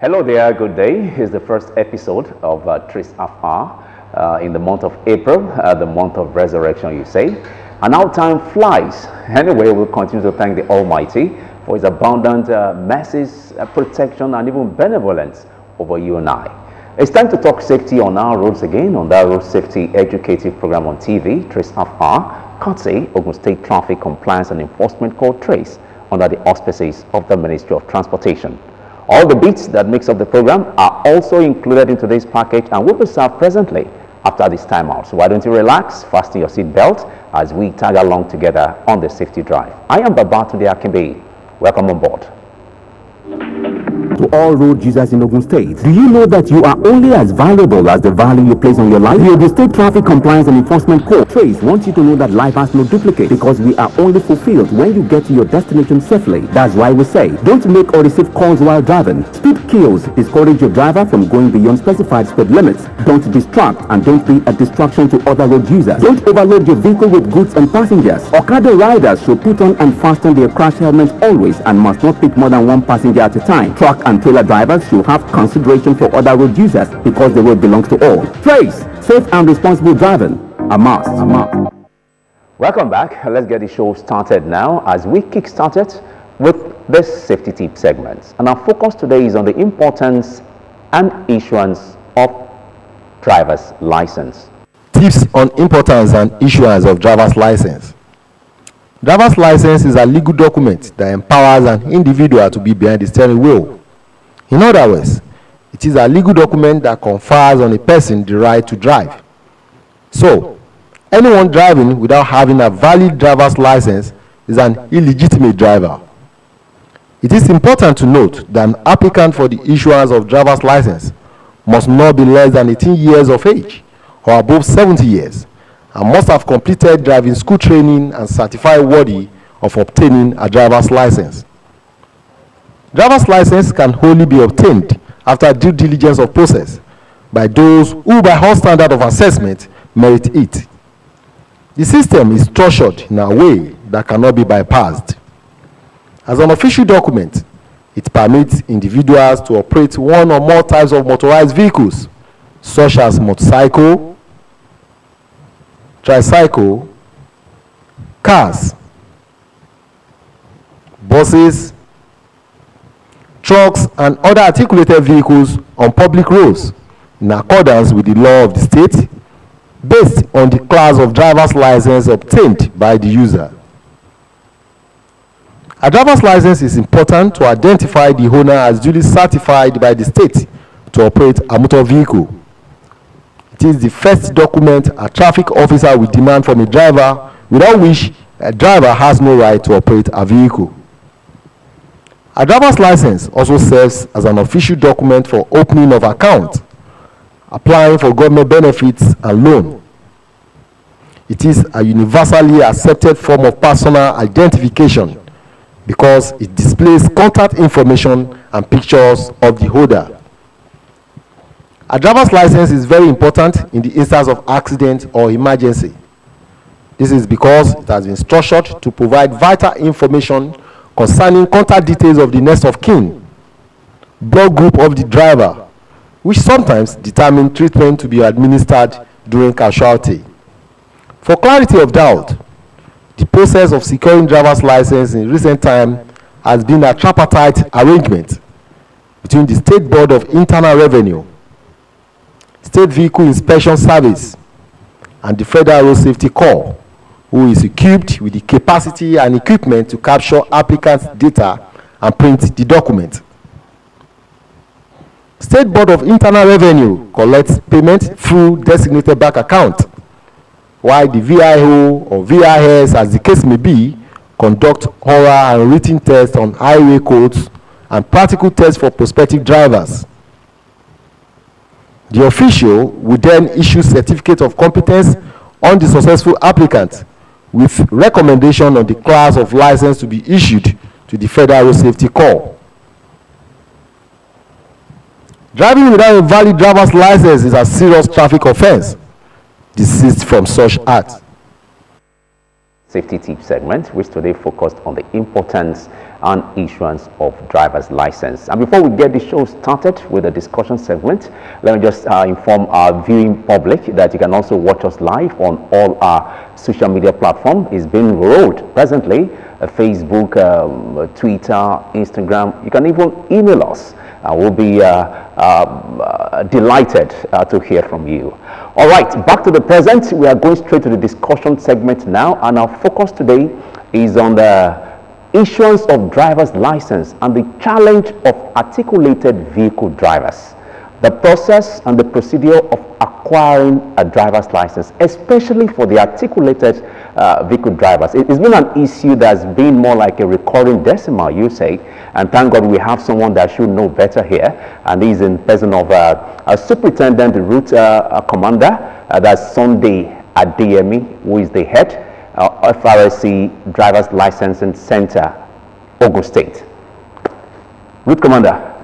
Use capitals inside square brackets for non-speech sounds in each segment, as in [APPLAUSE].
Hello there, good day. Here's the first episode of uh, Tris Afar uh, in the month of April, uh, the month of resurrection, you say. And now time flies. Anyway, we'll continue to thank the Almighty for his abundant uh, mercies, uh, protection, and even benevolence over you and I. It's time to talk safety on our roads again on that road safety educative program on TV, Trace FR, courtesy Ogun State Traffic Compliance and Enforcement Code Trace under the auspices of the Ministry of Transportation. All the bits that makes up the program are also included in today's package and will be served presently after this timeout. So why don't you relax, fasten your seatbelt, as we tag along together on the safety drive. I am Babatunde Akimbe. Welcome on board to all road users in Ogun State. Do you know that you are only as valuable as the value you place on your life? The Ogun State Traffic Compliance and Enforcement Corps, TRACE, wants you to know that life has no duplicate because we are only fulfilled when you get to your destination safely. That's why we say, don't make or receive calls while driving. Speed kills discourage your driver from going beyond specified speed limits. Don't distract and don't be a distraction to other road users. Don't overload your vehicle with goods and passengers. Okada riders should put on and fasten their crash helmets always and must not pick more than one passenger at a time. Truck and and trailer drivers should have consideration for other road users because the road belongs to all. Trace, safe and responsible driving, a must. A must. Welcome back. Let's get the show started now as we start it with this safety tip segment. And our focus today is on the importance and issuance of driver's license. Tips on importance and issuance of driver's license. Driver's license is a legal document that empowers an individual to be behind the steering wheel. In other words, it is a legal document that confers on a person the right to drive. So, anyone driving without having a valid driver's license is an illegitimate driver. It is important to note that an applicant for the issuance of driver's license must not be less than 18 years of age or above 70 years and must have completed driving school training and certified worthy of obtaining a driver's license. Driver's license can only be obtained after due diligence of process by those who by high standard of assessment merit it. The system is structured in a way that cannot be bypassed. As an official document, it permits individuals to operate one or more types of motorized vehicles, such as motorcycle, tricycle, cars, buses, trucks and other articulated vehicles on public roads in accordance with the law of the state based on the class of driver's license obtained by the user. A driver's license is important to identify the owner as duly certified by the state to operate a motor vehicle. It is the first document a traffic officer will demand from a driver without which a driver has no right to operate a vehicle. A driver's license also serves as an official document for opening of account, applying for government benefits and loan. It is a universally accepted form of personal identification because it displays contact information and pictures of the holder. A driver's license is very important in the instance of accident or emergency. This is because it has been structured to provide vital information concerning contact details of the next of kin, blood group of the driver, which sometimes determine treatment to be administered during casualty. For clarity of doubt, the process of securing driver's license in recent time has been a tripartite arrangement between the State Board of Internal Revenue, State Vehicle Inspection Service, and the Federal Road Safety Corps. who is equipped with the capacity and equipment to capture applicants' data and print the document. State Board of Internal Revenue collects payment through designated bank account, while the VIO or VIS, as the case may be, conduct oral and written tests on highway codes and practical tests for prospective drivers. The official will then issue certificate of competence on the successful applicant with recommendation on the class of license to be issued to the Federal Road Safety Corps. Driving without a valid driver's license is a serious traffic offense. Desist from such act. Safety tip segment, which today focused on the importance and issuance of driver's license. And before we get the show started with the discussion segment, let me just uh, inform our viewing public that you can also watch us live on all our social media platforms. It's being rolled presently, uh, Facebook, um, Twitter, Instagram. You can even email us. Uh, we'll be uh, uh, delighted uh, to hear from you. All right, back to the present. We are going straight to the discussion segment now, and our focus today is on the issuance of driver's license and the challenge of articulated vehicle drivers. The process and the procedure of acquiring a driver's license, especially for the articulated uh, vehicle drivers. It, has been an issue that's been more like a recurring decimal, you say, and thank God we have someone that should know better here, and he's in person of uh, a superintendent route uh, commander, uh, that's Sunday at DME, who is the head uh, FRSC Driver's Licensing Center, Ogo State. Route Commander.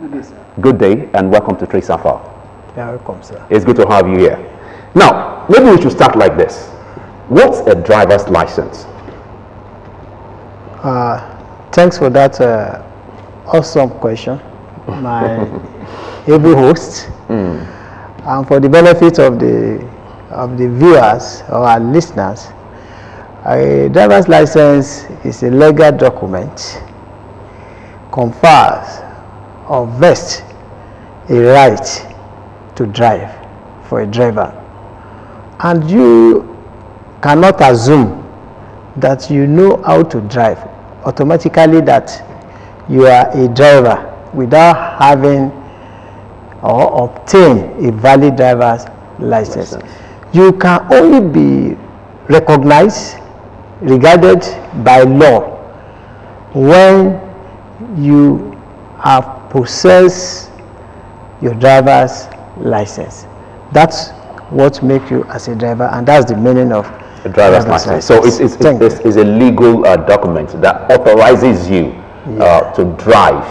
Good day, sir. Good day and welcome to Trace Afar. Yeah, welcome, sir. It's good to have you here. Now, maybe we should start like this. What's a driver's license? Uh, thanks for that uh, awesome question, my [LAUGHS] able host. Mm. And for the benefit of the of the viewers or our listeners, A driver's license is a legal document confers or vests a right to drive for a driver. And you cannot assume that you know how to drive automatically that you are a driver without having or obtain a valid driver's license. license. You can only be recognized regarded by law when you have possessed your driver's license. That's what makes you as a driver, and that's the meaning of a driver's, driver's license. license. So it's, it's, it's, it's a legal uh, document that authorizes you uh, yeah. uh, to drive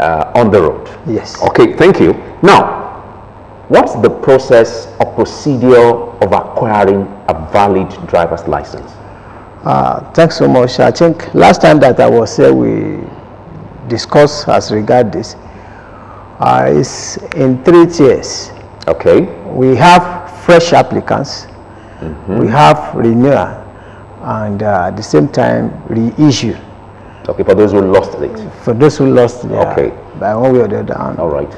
uh, on the road. Yes. Okay, thank you. Now, what's the process or procedure of acquiring a valid driver's license? Uh, thanks so much. I think last time that I was here, we discussed as regard this. Uh, it's in three tiers. Okay. We have fresh applicants. Mm -hmm. We have renewal, and uh, at the same time reissue. Okay, for those who lost it. For those who lost it. okay. by one way or the other. All right.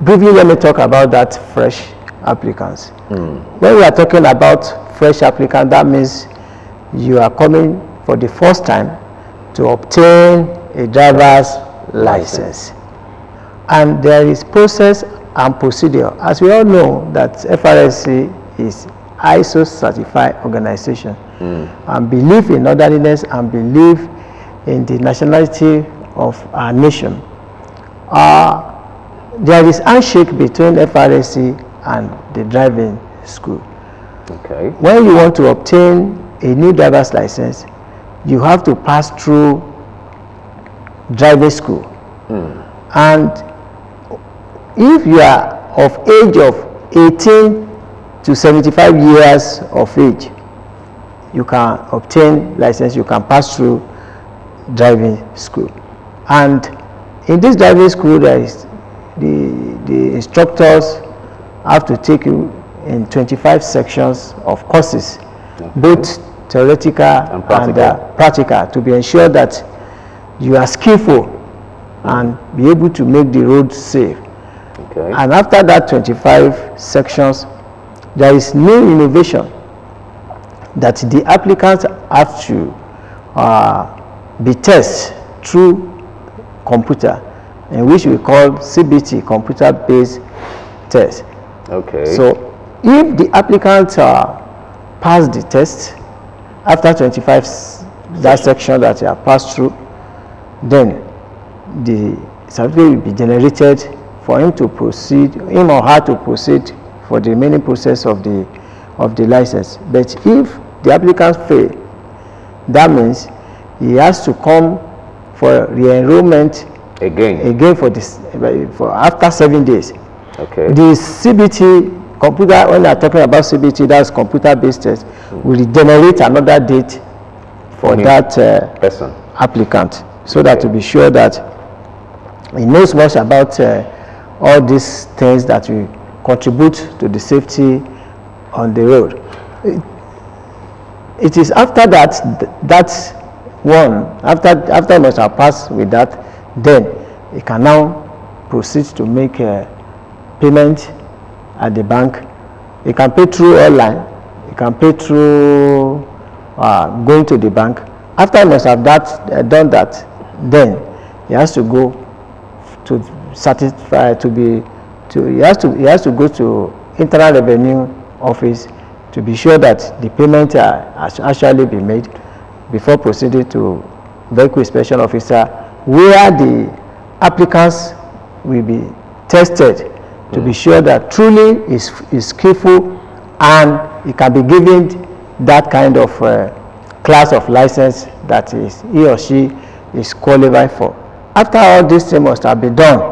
Briefly, let me talk about that fresh applicants. Mm. When we are talking about fresh applicants, that means you are coming for the first time to obtain a driver's license. And there is process and procedure. As we all know that FRSC is ISO certified organization mm. and believe in orderliness and believe in the nationality of our nation. Uh, there is handshake between FRSC and the driving school. Okay. When you want to obtain a new driver's license, you have to pass through driver school. Mm. And if you are of age of 18 to 75 years of age, you can obtain license, you can pass through driving school. And in this driving school, there is the, the instructors have to take you in 25 sections of courses both theoretical and practical. and uh, practical, to be ensured that you are skillful and be able to make the road safe. Okay. And after that 25 sections, there is no innovation that the applicants have to uh, be tested through computer, in which we call CBT, computer-based test. Okay. So if the applicant uh, pass the test after 25 that section that you have passed through then the certificate will be generated for him to proceed him or her to proceed for the remaining process of the of the license but if the applicant fail that means he has to come for re-enrollment again again for this for after seven days okay the cbt Computer, when they are talking about CBT, that's computer-based test, mm. we hmm. generate another date for Any that uh, person applicant so okay. that to be sure that he knows much about uh, all these things that will contribute to the safety on the road. It, it is after that th that one after after must have passed with that, then he can now proceed to make a payment at the bank. You can pay through airline. You can pay through uh, going to the bank. After he must have that, uh, done that, then he has to go to satisfy to be to he has to he has to go to internal revenue office to be sure that the payment uh, has actually been made before proceeding to vehicle inspection officer where the applicants will be tested to be sure that truly is is skillful and he can be given that kind of uh, class of license that is he or she is qualified for. After all this thing must have been done,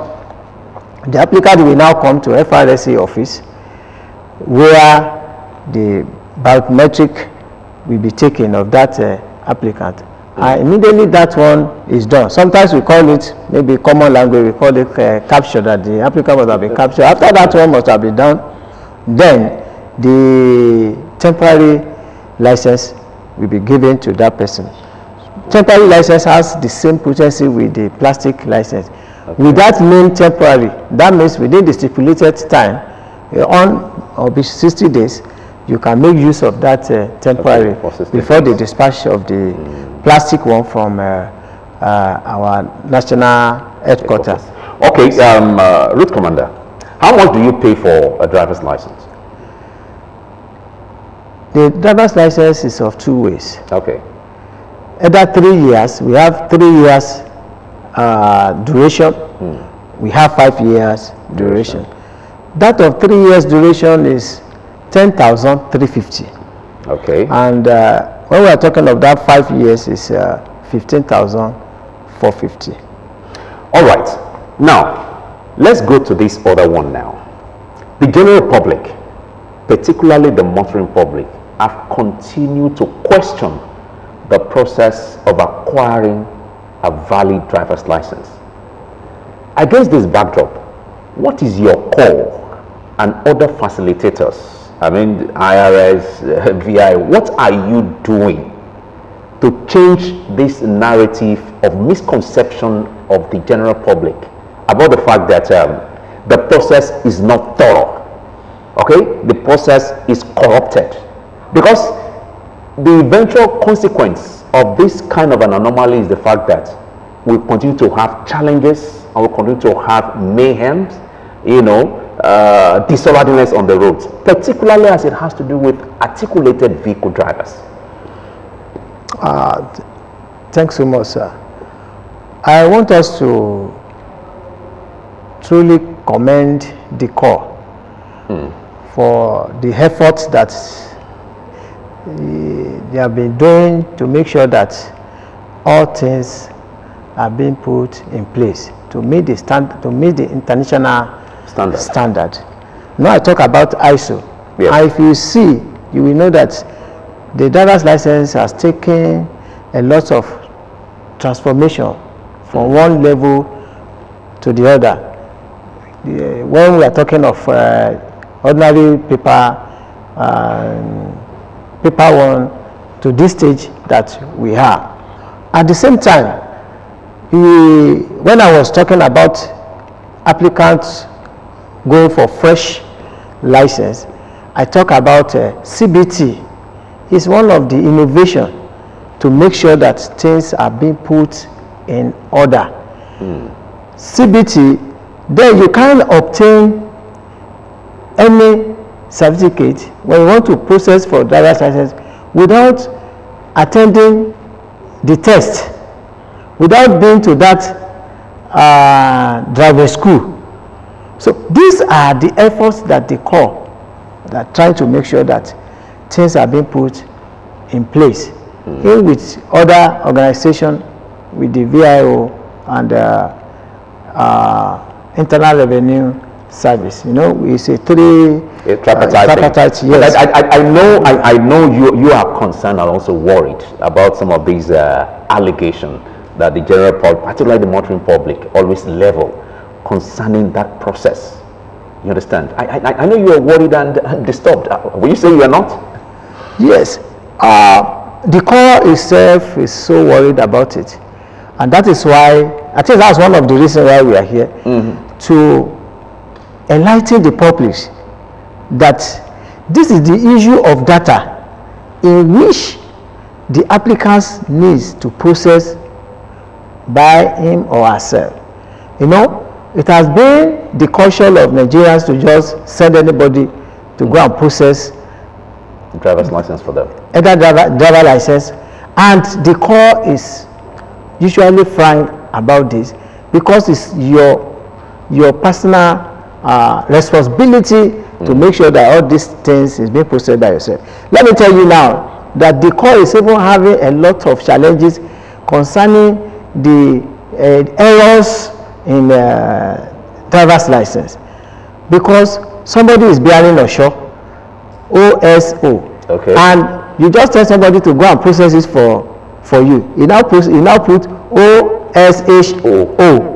the applicant will now come to FRSA office where the biometric will be taken of that uh, applicant uh, immediately that one is done. Sometimes we call it maybe common language, we call it uh, capture that the applicant must have been captured. After that one must have been done, then the temporary license will be given to that person. Temporary license has the same potency with the plastic license. Okay. With that mean temporary, that means within the stipulated time, eh, on or be 60 days, you can make use of that uh, temporary okay, before the dispatch of the mm plastic one from uh, uh, our national headquarters. Okay, um, uh, route commander, how much do you pay for a driver's license? The driver's license is of two ways. Okay. Either three years, we have three years duration. Hmm. We have five years duration. duration. That of three years duration is 10,350. Okay. And uh, when we are talking of that five years is uh, 15,450. All right. Now, let's go to this other one now. The general public, particularly the motoring public, have continued to question the process of acquiring a valid driver's license. Against this backdrop, what is your call and other facilitators I mean, IRS, uh, [LAUGHS] VI, what are you doing to change this narrative of misconception of the general public about the fact that um, the process is not thorough? Okay, the process is corrupted because the eventual consequence of this kind of an anomaly is the fact that we continue to have challenges and we continue to have mayhem, you know, uh, disorderliness on the roads, particularly as it has to do with articulated vehicle drivers? Uh, thanks so much, sir. I want us to truly commend the Corps mm. for the efforts that eh, they have been doing to make sure that all things are being put in place to meet the stand to meet the international standard. standard. Now I talk about ISO. And if you see, you will know that the driver's license has taken a lot of transformation from mm. one level to the other. when we are talking of uh, ordinary paper, uh, paper one to this stage that we have. At the same time, he, when I was talking about applicants Go for fresh license, I talk about uh, CBT. It's one of the innovation to make sure that things are being put in order. Mm. CBT, then you can obtain any certificate when you want to process for driver's license without attending the test, without being to that uh, school so these are the efforts that they call that try to make sure that things are being put in place. Mm. Here with other organization, with the VIO and uh, uh, Internal Revenue Service. You know, it's a three a tripartite. Uh, tripartite yes. I, I, I, know. I, I know you. You are concerned and also worried about some of these uh, allegations that the general public, particularly the monitoring public, always level concerning that process. You understand? I, I, I know you are worried and, uh, disturbed. Uh, will you say you are not? Yes. Uh, the core itself is so worried about it. And that is why, I think that's one of the reasons why we are here mm-hmm. to enlighten the public that this is the issue of data in which the applicants needs to process by him or herself. You know, it has been the culture of Nigerians to just send anybody to go and process driver's license for them. Either driver, driver license, and the call is usually frank about this because it's your your personal uh, responsibility mm. to make sure that all these things is being processed by yourself. Let me tell you now that the call is even having a lot of challenges concerning the uh, errors in uh, driver's license because somebody is bearing Osho, OSO, okay. and you just tell somebody to go and process it for for you. You now put you now put OSHO.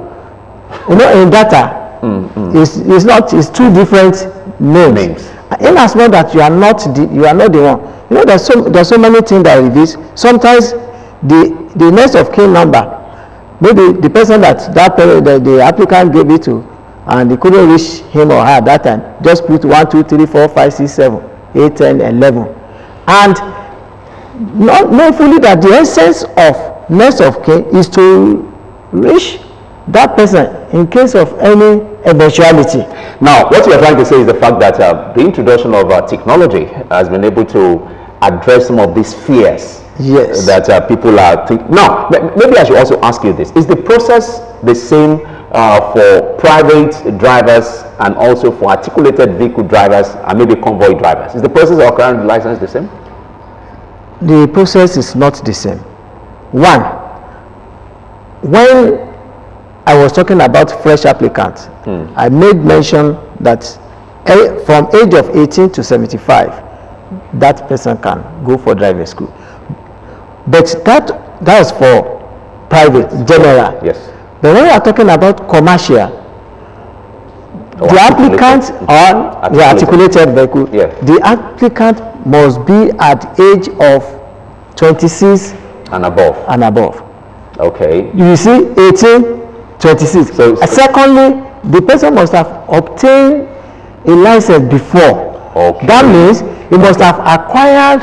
You know in data, mm, mm. it's it's not it's two different names. names. In as well that you are not the you are not the one. You know there's so there's so many things that reveals. Sometimes the the next of kin number Maybe the person that that parent, uh, the, the applicant gave it to and they couldn't reach him or her at that time, just put 1, 2, 3, 4, 5, 6, 7, 8, 10, 11. And not know fully that the essence of next of kin is to reach that person in case of any eventuality. Now, what you're trying to say is the fact that uh, the introduction of uh, technology has been able to address some of these fears yes that uh, people are thinking now maybe i should also ask you this is the process the same uh, for private drivers and also for articulated vehicle drivers and maybe convoy drivers is the process of acquiring the license the same the process is not the same one when i was talking about fresh applicants hmm. i made mention that a, eh, from age of 18 to 75 that person can go for driving school but that that's for private, general. Yes. But when we are talking about commercial, the oh, applicant on the articulated vehicle, yeah. the applicant must be at age of 26 and above. And above. Okay. You see, 18, 26. So, so Secondly, the person must have obtained a license before. Okay. That means he must have acquired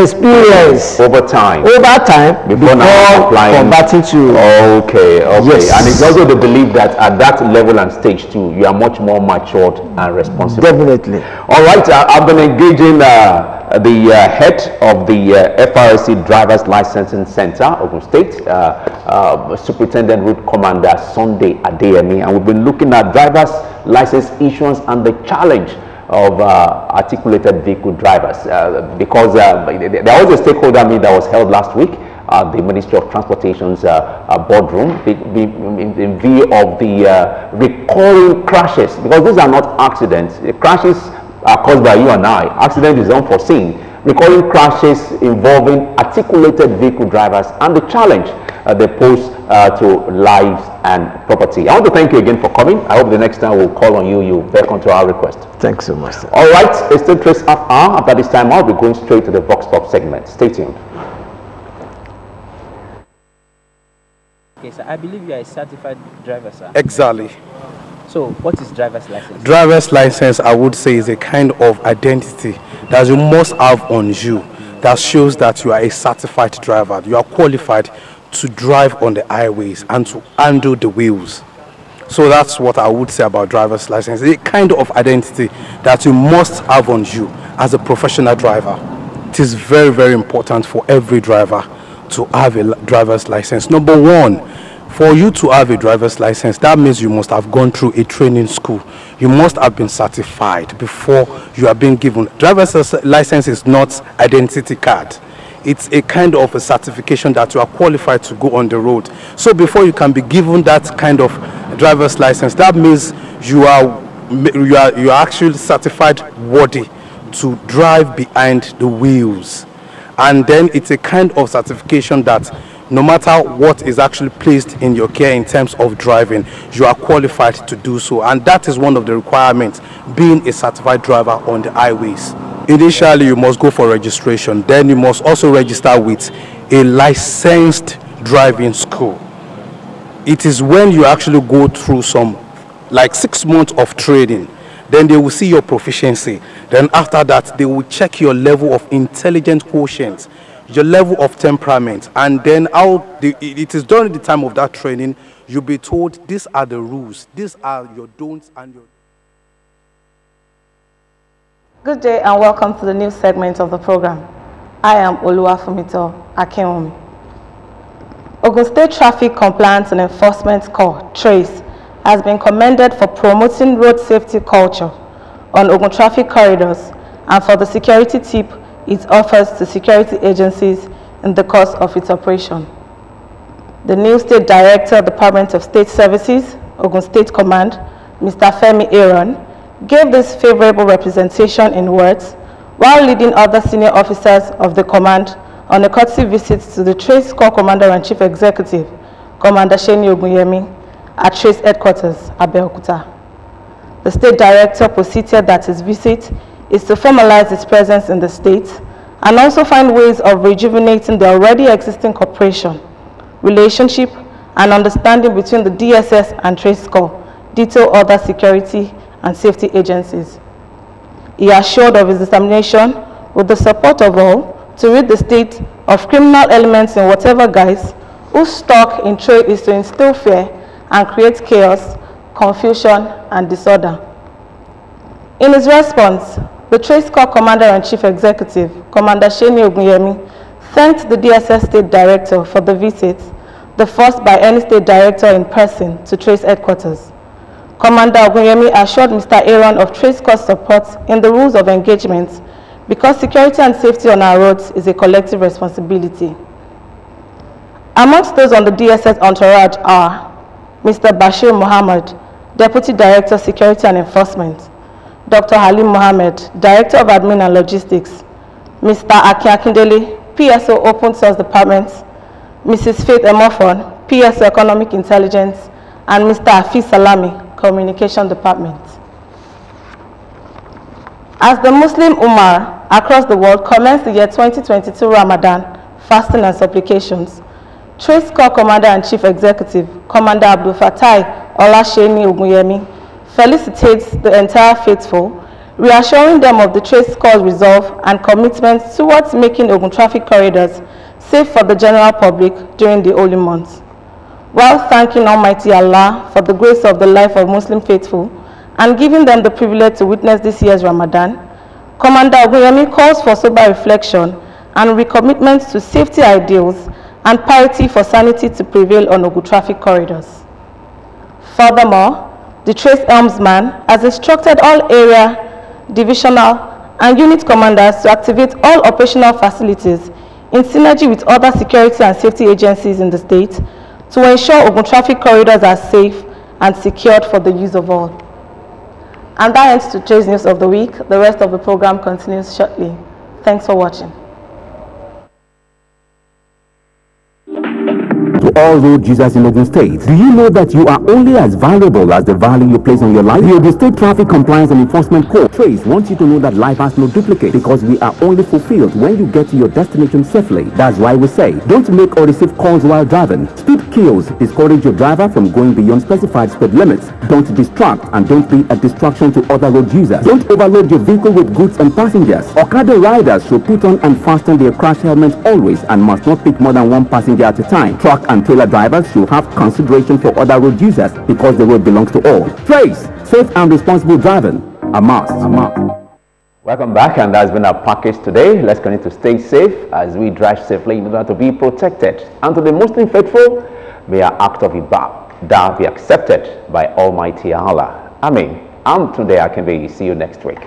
experience over time over time before, before now applying converting to okay okay yes. and it's also the belief that at that level and stage two, you are much more matured and responsible definitely all right uh, i've been engaging uh, the uh, head of the uh, FRC Drivers Licensing Center, Ogun State, uh, uh, Superintendent Route Commander Sunday Adeyemi, and we've been looking at drivers license issuance and the challenge of uh, articulated vehicle drivers uh, because um, there was a stakeholder meet that was held last week at uh, the Ministry of Transportation's uh, uh, boardroom in, view of the recurring crashes because these are not accidents. The crashes are caused by you and I. Accident is unforeseen recalling crashes involving articulated vehicle drivers and the challenge uh, they pose uh, to lives and property. I want to thank you again for coming. I hope the next time we'll call on you, you beckon to our request. Thanks so much. Sir. All right, it's still trace half hour. After this time, I'll be going straight to the Vox Pop segment. Stay tuned. Okay, sir, I believe you are a certified driver, sir. Exactly. So what is driver's license? Driver's license, I would say, is a kind of identity that you must have on you that shows that you are a certified driver. You are qualified to drive on the highways and to handle the wheels. So that's what I would say about driver's license. It's A kind of identity that you must have on you as a professional driver. It is very, very important for every driver to have a driver's license. Number one, for you to have a driver's license, that means you must have gone through a training school. You must have been certified before you are being given. Driver's license is not identity card. It's a kind of a certification that you are qualified to go on the road. So before you can be given that kind of driver's license, that means you are you are you are actually certified worthy to drive behind the wheels. And then it's a kind of certification that no matter what is actually placed in your care in terms of driving, you are qualified to do so. And that is one of the requirements, being a certified driver on the highways. Initially, you must go for registration. Then you must also register with a licensed driving school. It is when you actually go through some, like six months of training, then they will see your proficiency. Then after that, they will check your level of intelligent quotient your level of temperament, and then how the, it is during the time of that training, you'll be told these are the rules, these are your don'ts and your. Good day and welcome to the new segment of the program. I am Oluwafumito Akinwumi. Ogun State Traffic Compliance and Enforcement Corps, TRACE, has been commended for promoting road safety culture on Ogun traffic corridors and for the security tip it offers to security agencies in the course of its operation. The new State Director, Department of State Services, Ogun State Command, Mr. Femi Aaron, gave this favorable representation in words while leading other senior officers of the command on a courtesy visit to the Trace Corps Commander and Chief Executive, Commander Sheni Ogunyemi, at Trace Headquarters, Abeokuta. The State Director proceeded that his visit is to formalize its presence in the state and also find ways of rejuvenating the already existing cooperation, relationship, and understanding between the DSS and TraceCorp, detail other security and safety agencies. He assured of his determination, with the support of all, to rid the state of criminal elements in whatever guise whose stock in trade is to instill fear and create chaos, confusion, and disorder. In his response, the Trace Corps Commander-in-Chief Executive, Commander Sheni Ogunyemi, thanked the DSS State Director for the visit, the first by any State Director in person to Trace Headquarters. Commander Ogunyemi assured Mr. Aaron of Trace Corps support in the rules of engagement because security and safety on our roads is a collective responsibility. Amongst those on the DSS entourage are Mr. Bashir Muhammad, Deputy Director, Security and Enforcement, Dr. Halim Mohamed, Director of Admin and Logistics, Mr. Aki Akindele, PSO Open Source Department, Mrs. Faith Emofon, PSO Economic Intelligence, and Mr. Afi Salami, Communication Department. As the Muslim Ummah across the world commenced the year 2022 Ramadan, fasting and supplications, Trace Corps Commander and Chief Executive, Commander Abdul Fatai Olasheni Ogunyemi, felicitates the entire faithful, reassuring them of the trade Corps' resolve and commitment towards making Ogun traffic corridors safe for the general public during the holy months. While thanking Almighty Allah for the grace of the life of Muslim faithful and giving them the privilege to witness this year's Ramadan, Commander Ogunyemi calls for sober reflection and recommitment to safety ideals and piety for sanity to prevail on Ogu traffic corridors. Furthermore, the Trace Helmsman, has instructed all area, divisional, and unit commanders to activate all operational facilities in synergy with other security and safety agencies in the state to ensure open traffic corridors are safe and secured for the use of all. And that ends today's news of the week. The rest of the program continues shortly. Thanks for watching. to all road users in Ogun State. Do you know that you are only as valuable as the value you place on your life? The Ogun State Traffic Compliance and Enforcement Corps Trace wants you to know that life has no duplicate because we are only fulfilled when you get to your destination safely. That's why we say don't make or receive calls while driving. Speed kills discourage your driver from going beyond specified speed limits. Don't distract and don't be a distraction to other road users. Don't overload your vehicle with goods and passengers. Okada riders should put on and fasten their crash helmets always and must not pick more than one passenger at a time. Truck and trailer drivers should have consideration for other road users because the road belongs to all. Trace, safe and responsible driving, a must. A must. Welcome back, and that's been our package today. Let's continue to stay safe as we drive safely in order to be protected. And to the Muslim faithful, may our act of ibadah be accepted by Almighty Allah. Amen. I'm today be. See you next week.